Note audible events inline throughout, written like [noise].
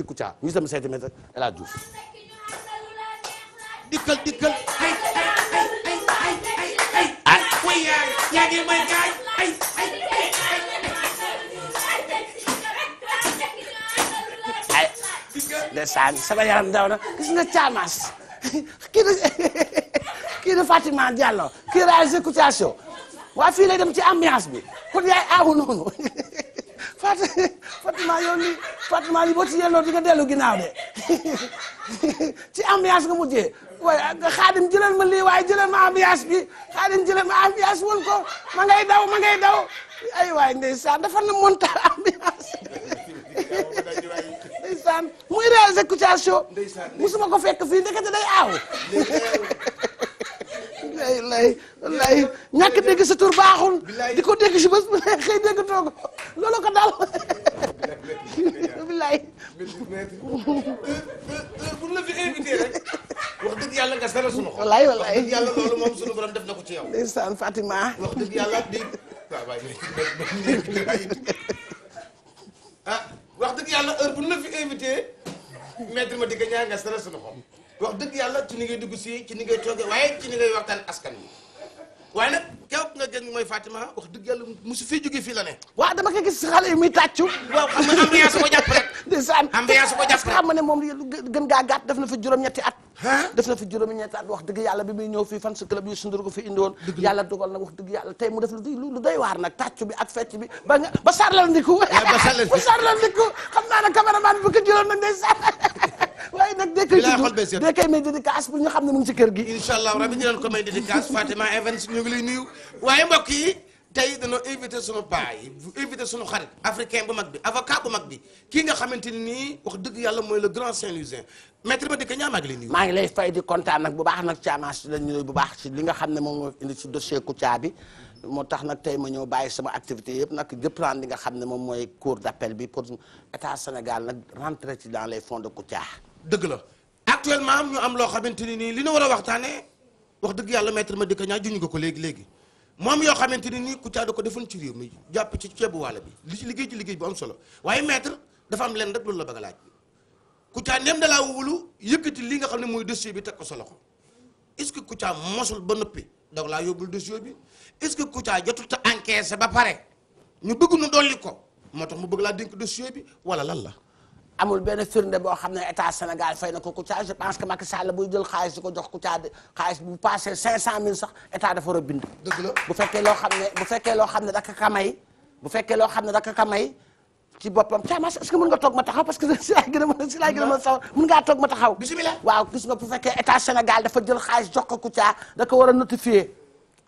ci Kouthia ñu sama seeti maître El Hadj Diouf dikkal dikkal ay ay ay ay ay ay ay ay way yaa yaa ngi may gaay ay ay ay ndeysaan sama yaram daw na gis nga caamaas kii na kii na Fatima Diallo kii réalisé Kouthia Show waa fii lay dem ci ambiance bi kon yaay aawu noonu Fatima Fatima yow li Fatima li boo yelloo di nga dellu ginnaaw de ci ambiance nga mujjee waaye xaadim jëlal ma lii jëlal ma ambiance bi xaadim jëlal ma ambiance woon ko ma ngay daw ma ngay daw ay waay ndeysaan dafa na montar ambiance ndeysaan muy réalisé Kouthia Show musuma ko fekk fii ndekete day aaw lay lay lay ñàkk dégg sa tur baaxul di ko dégg si bés bu lay xëy dégg too ko loolu ko dal bilaay buñ wax dëgg yàlla nga sara sunu xol wallaay yàlla loolu moom sunu borom def na ko ci yow ndeysaan Fatima wax dëgg yàlla di waaw wax dëgg yàlla heure buñ la fi invité maître ma di nga ñaa nga sara wax dëgg yàlla ci ni ngay dugg si ci ni ngay toogee waaye ci ni ngay waxtaan askan wi waaye nag képp nga gën mooy Fatima wax dëgg yàlla mosu fee jógee fii la ne. waaw dama ko gis xale yi muy tàccu. waaw xam nga ambiance ko jàpp rek. [laughs] ndeysaan ambiance ko jàpp rek xam nga ne moom ñetti at. def na fa juróom-ñetti wax dëgg yàlla bi muy ñëw fii fan sa club yu sundur ko fi indi woon. yàlla dogal nag wax dëgg yàlla tey mu def lu lu doy waar nag tàccu bi ak fecc bi ba nga ba sarlal ndiku. ba sarlal [laughs] ndiku xam naa ne caméraman bi ko jëloon nag ndeysaan [laughs] waaye nag dee koy tudd dee koy may dédicace pour ñu xam ne mu ngi ci kër gi incha allah rabi ñu leen ko may dédicace Fatima Evans ñu ngi lay nuyu waaye mbokk yi tey dañoo invité sunu paa yi invité sunu xarit africain bu mag bi avocat bu mag bi kii nga xamante nii wax dëgg yàlla mooy le grand Saint-Louisien maître ba dëkk ñaa maa ngi lay nuyu maa ngi lay fay di kontaan nag bu baax nag caamaa si lañ ñuy bu baax ci li nga xam ne moom moo indi ci dossier Kouthia bi moo tax nag tey ma ñëw bàyyi sama activité yëpp nag reprendre li nga xam ne moom mooy cour d'appel bi pour état Sénégal nag rentrer ci dans les fonds de Kouthia dëgg la actuellement ñu am loo xamante ni nii li ñu war a waxtaanee wax dëgg yàlla maître ma dëkk ñaa juñu nga ko léegi léegi moom yoo xamante ni nii Kouthia da ko defoon ci réew mi jàpp ci ceebu waala bi li ci liggéey ci liggéey bu am solo waaye maître dafa am leen rek loolu la bëgg a laaj Kouthia ndem dalaa wulu yëkkati li nga xam ne mooy dossier bi teg ko solo ko est-ce que Kouthia mosul ba noppi donc laa yóbbul dossier bi est-ce que Kouthia jotut a encaissé ba pare ñu bëgg nu ko moo tax mu bëgg laa dénk dossier bi wala lan la amul benn firnde boo xam ne état Sénégal fay na ko Kouthia je pense que Macky Sall buy jël xaalis di ko jox Kouthia xaalis bu passé 500000 sax état dafa war a bind. bu fekkee loo xam ne bu fekkee loo xam ne daka ka bu fekkee loo xam ne daka ka may ci boppam Thiamas est-ce que mën nga toog ma taxaw parce que [laughs] si laay gën a mën si laay a mën sawar mën ngaa toog ma taxaw. waaw gis nga bu fekkee état Sénégal dafa jël xaalis jox ko Kouthia da ko war a notifier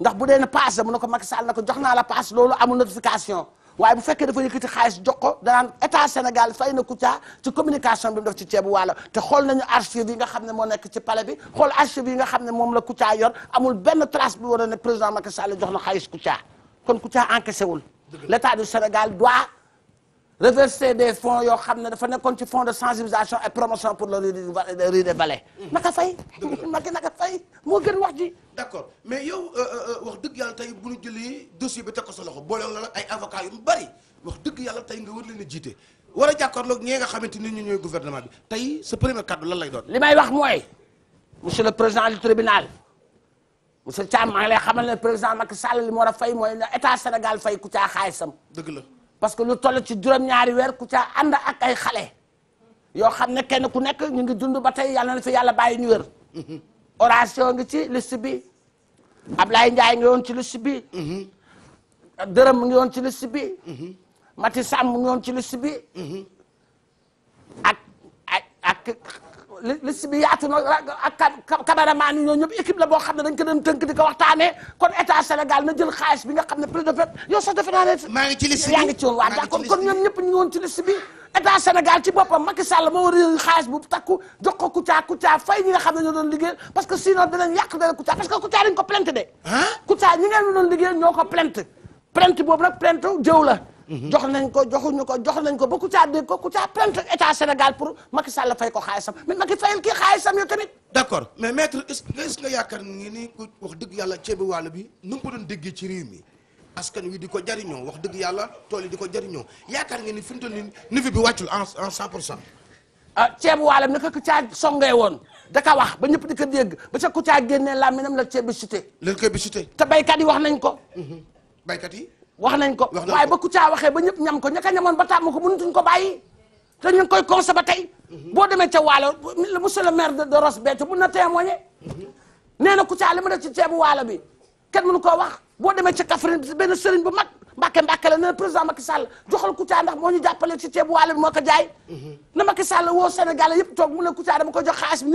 ndax bu dee ne paas la mu ne ko Macky Sall ko jox naa la paas loolu amul notification. waaye bu fekkee dafa yëkkati xaalis jox ko danaan état Sénégal fay na Kouthia ci communication bi mu def ci ceebu waalo te xool nañu archive yi nga xam ne moo nekk ci palais bi xool archive yi nga xam ne moom la Kouthia yor amul benn trace bi war ne président Macky Sall jox na xaalis Kouthia kon Kouthia encaissé wul l'état du Sénégal doit reverser des fonds yoo xam ne dafa nekkoon ci fonds de sensibilisation et promotion pour le riz des vallées mmh. naka fay maki naka fay moo gën wax ji d' accord mais yow euh, euh, euh, wax dëgg yàlla tey bu ñu jëlee dossier bi teg ko sa loxo boole la ay avocat yu mu bari wax dëgg yàlla tey nga war leen a jiite war a jàkkaarloog ñee nga xamante ni ñu ñooy gouvernement bi tey sa premier cadre lan lay doon li may wax mooy monsieur le président du tribunal monsieur Thiam maa ngi lay xamal ne président Macky Sall li a fay mooy na état Sénégal fay ku caa xaalisam dëgg la parce que lu toll ci juróom-ñaari weer ku ca ànd ak ay xale yoo xam ne kenn ku nekk ñu ngi dund ba tey yàlla na fi yàlla bàyyi ñu wér oration ngi ci liste bi Ablaye Ndiaye ngi woon ci liste bi dërëm mu ngi woon ci liste bi Mati Sam mu ngi ci liste bi ak ak liste bi yaatu na ak cameraman ñoo ñëpp équipe la boo xam ne dañ ko doon tënk di kon état Sénégal na jël xaalis bi nga xam ne plus de fait yow sax defe naa ne. yaa ngi ci woon kon ñoom ñëpp ci liste bi. état ci boppam Macky Sall moo war a yëngu xaalis bu takku jox ko Kouthia fay ñi nga xam ne ñoo doon liggéey parce que sinon dinañ yàq dara Kouthia parce que Kouthia dañ ko plainte de. Kouthia ñi ngeen doon liggéey ñoo ko plainte plainte boobu nag plainte jox nañ ko joxuñu ko jox nañ ko ba Kouthia dégg ko Kouthia plainte état Sénégal pour Macky Sall fay ko xaalisam mais Macky fayal kii xaalisam yow tamit. d' accord mais maître est ce nga yaakaar ni ni ku wax dëgg yàlla ceebu wàll bi nu doon déggee ci réew mi askan wi di ko jariñoo wax dëgg yàlla tool yi di ko jariñoo yaakaar nga ni fi mu toll nii niveau bi wàccul en en 100 pour cent. ah ceebu wàllam naka Kouthia songee woon. da ka wax ba ñëpp di ko dégg ba ca Kouthia génnee làmmiñam la ceeb bi cité. lañ koy bi cité. te baykat yi wax nañ ko. Mhm. baykat yi. wax nañ ko waaye ba Kouthia waxee ba ñëpp ñam ko ñaka ñamoon ba tàmm ko mënutuñ ko bàyyi te ñu ngi koy consé ba tey mhm. boo demee ca waalo monsieur le maire de Ross Béthio mun na témoigner mhm. nee na Kouthia li ma def ci ceebu waalo bi kenn mënu koo wax boo demee ci Kaffrine benn sëriñ bu mag Mbàkke Mbàkke la ne président Macky Sall joxal Kouthia ndax moo ñu jàppale ci ceebu waalo bi moo ko jaay. Mhm. na Macky Sall woo Sénégal yëpp toog mu ne Kouthia dama koy jox xaalis mhm.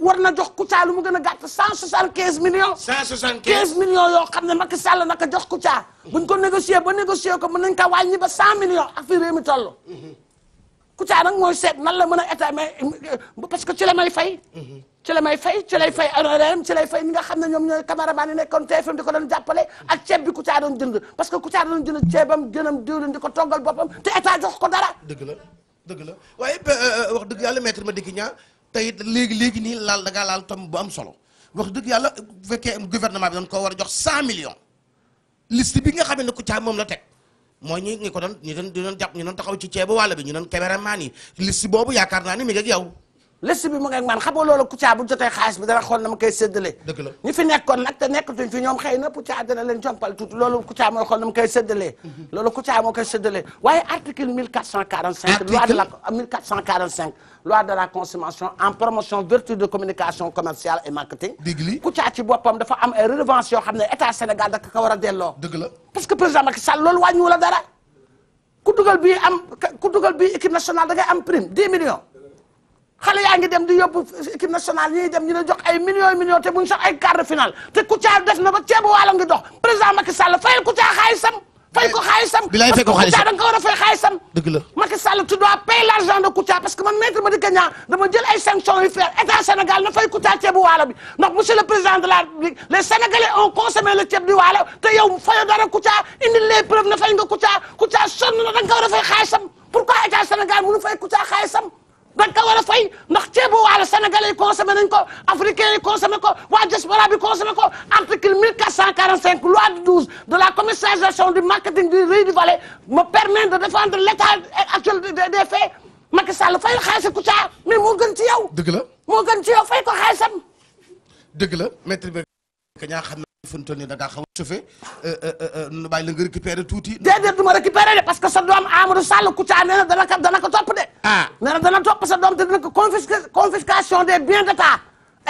war na jox Kouthia lu mu gën a gàtt cent soixante quinze millions. cent soixante quinze millions yoo xam ne Macky Sall naka jox Kouthia. Mhm. buñ ko négocier ba négocier ko mën nañ ko ba cent millions ak fi mi toll. Kouthia nag mooy seet nan la mën a état mais euh, parce que ci la may fay. ci la may fay ci lay nga xam ne ñoom ñooy caméraman yi nekkoon TFM di ko doon jàppale. ak ceeb bi Kouthia doon jënd parce que Kouthia doon jënd ceebam gënam diwlin di ko toggal boppam te état jox ko dara. dëgg la dëgg la waaye euh, euh, wax dëgg yàlla maître ma dégg ñaa tey léegi léegi nii laal da laal tam bu am solo wax dëgg yàlla bu fekkee gouvernement bi dañ koo war a jox 100 millio liste bi nga xam ne Kouthia moom la teg mooy ñi ko doon ñu doon di doon jàpp ñu doon taxaw ci ceebu bi ñu doon caméraman yi liste boobu yaakaar naa ni mi ngi ak liste bi mu ngeeg man xam nga loolu Kouthia bu jotee xaalis bi dana xool na ma koy séddale dëgg la ñi fi nekkoon nag te nekkatuñ fi ñoom xëy na Kouthia dana leen jompal tuuti loolu Kouthia mooy xool na ma koy séddalee mhm. loolu Kouthia moo koy séddalee waaye article 1445 loi de la 1445 euh, loi de la consommation en promotion vertu de communication commerciale et marketing digli Kouthia ci boppam dafa am ay redevance yoo xam ne état Sénégal da ko war a delloo dëgg la parce que président Macky Sall loolu xale yaa ngi dem di yóbbu équipe nationale ñuy dem ñu ne jox ay millions et millions te buñ sax ay quart de finale te Kouthia def na ba ceebu waalo ngi dox président Macky Sall fayal Kouthia xaalisam fay ko xaalisam bilaay fay ko xaalisam da nga ko war a fay l'argent de Kouthia parce que man maître Madické Niang dama jël ay sanctions yu faire état Sénégal na fay Kouthia ceebu waalo bi ndax monsieur le président de la République les Sénégalais ont consommé le ceeb di waalo te a fay dañ ko fay ndax ceebu waalo sénégalais yi consommé nañ ko africains yi consommé ko waa diaspora bi consommé ko article 1445 loi du 12 de la commercialisation du marketing du riz du Valais me permet de défendre l'état actuel des faits Macky Sall fayal xaalis Kouthia mais moo gën ci yow. dëgg la moo gën ci yow fay ko xaalisam. dëgg la maître fu ñu xaw a euh, euh, euh, nu bàyyi la nga récupéré tuuti. déedéet du ma récupéré de parce que sa doom Amadou Sall Kouthia nee na dana topp de. ah na dana topp sa doom te dana confiscation des biens d'état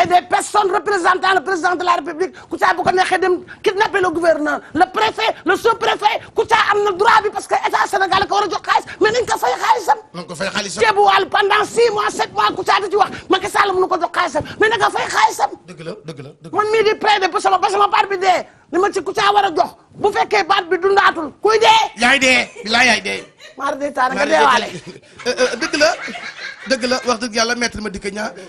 et des personnes représentant le président de la république Kouthia bu ko neexee dem le gouverneur le préfet le sous-préfet Kouthia am na droit bi parce que état Sénégal la war a jox xaalis mais nañ ko fay xaalisam. nañ ko fay xaalisam pendant 6 mois 7 mois Kouthia di ci wax Macky Sall mënu ko jox xaalisam mais na nga fay xaalisam. dëgg la dëgg la dëgg la man mii di plaider ba sama ba sama baat bi dee ma ci Kouthia war a jox bu fekkee baat bi dundaatul kuy dee. yaay dee bilaa yaay dee. maa [laughs] dëgg la wax dëgg yàlla ma dikk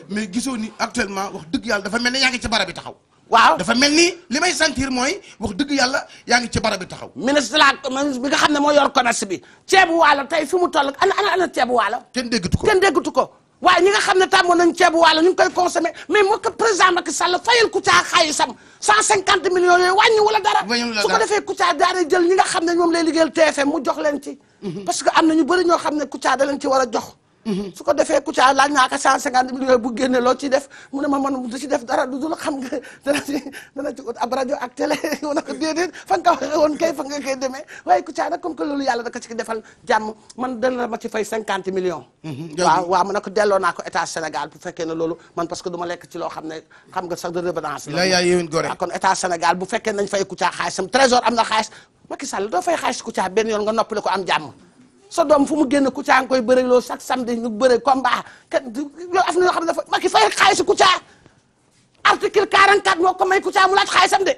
mais gisoo ni actuellement wax dëgg yàlla dafa mel ni yaa ngi ci barab bi taxaw. waaw dafa mel ni li may sentir mooy wax dëgg yàlla yaa ngi ci barab bi taxaw. ministre la ministre bi nga xam ne moo yor commerce bi ceebu waalo tey fi mu toll ana ana ana ceebu waalo. kenn déggatu ko kenn déggatu ko. waaye ñi nga xam ne tàmmoon nañ ceebu waalo ñu ngi koy consommé mais moo ko président Macky Sall fayal Kouthia xaalisam 150 millions yooyu wàññi wala dara. su ko defee Kouthia daara jël ñi nga xam ne ñoom lay liggéeyal mu jox leen ci. Mm-hmm. parce am na ñu bëri ñoo xam ne Kouthia da leen ci war a jox Mm-hmm. su ko defee Kouthia laaj naa ko cent cinquante millions bu génne loo ci def mu ne ma man du ci def dara du dul xam nga [laughs] dana ci dana ci ab rajo ak télé wala [laughs] ko déedéet fan nga waxee woon kay fan nga koy demee waaye Kouthia nag ko ci defal jàmm mm-hmm. naa ko état Sénégal bu fekkee ne loolu man parce que du ma lekk ci loo xam ne xam nga sax de revenance la yaa yéwén gore kon état Sénégal bu fekkee nañ fay Kouthia xaalisam trésor am na xaalis Macky Sall doo fay xaalis Kouthia benn yoon nga noppale ko am jàmm sa doom fu mu génn Kouthia nga koy bëre loo chaque samedi ñu bëre combat kenn loolu af na yoo xam ne dafa Macky fay xaalis mu laaj xaalisam de.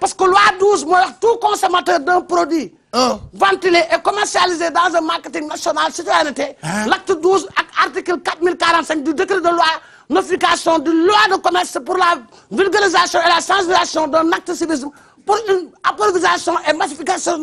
parce que loi 12 mooy wax tout consommateur d'un produit. Oh. et commercialisé dans un marketing national citoyenneté. Ah. l'acte 12 ak article 4045 du décret de loi notification de loi de commerce pour la vulgarisation et la sensibilisation d'un acte civisme pour une appropriation et massification